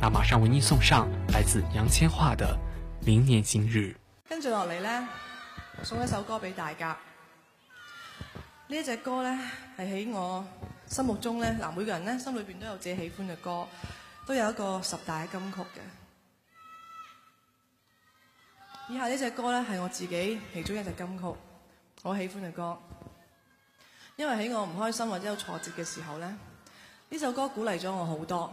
那馬上為你送上來自楊千嬅的《明年今日》。跟住落嚟呢，送一首歌俾大家。呢一隻歌呢，係喺我心目中呢。嗱，每個人呢，心裏邊都有自己喜歡嘅歌，都有一個十大嘅金曲嘅。以下呢隻歌呢，係我自己其中一隻金曲，我喜歡嘅歌。因為喺我唔開心或者有挫折嘅時候呢，呢首歌鼓勵咗我好多。